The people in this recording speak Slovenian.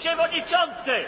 przewodniczący!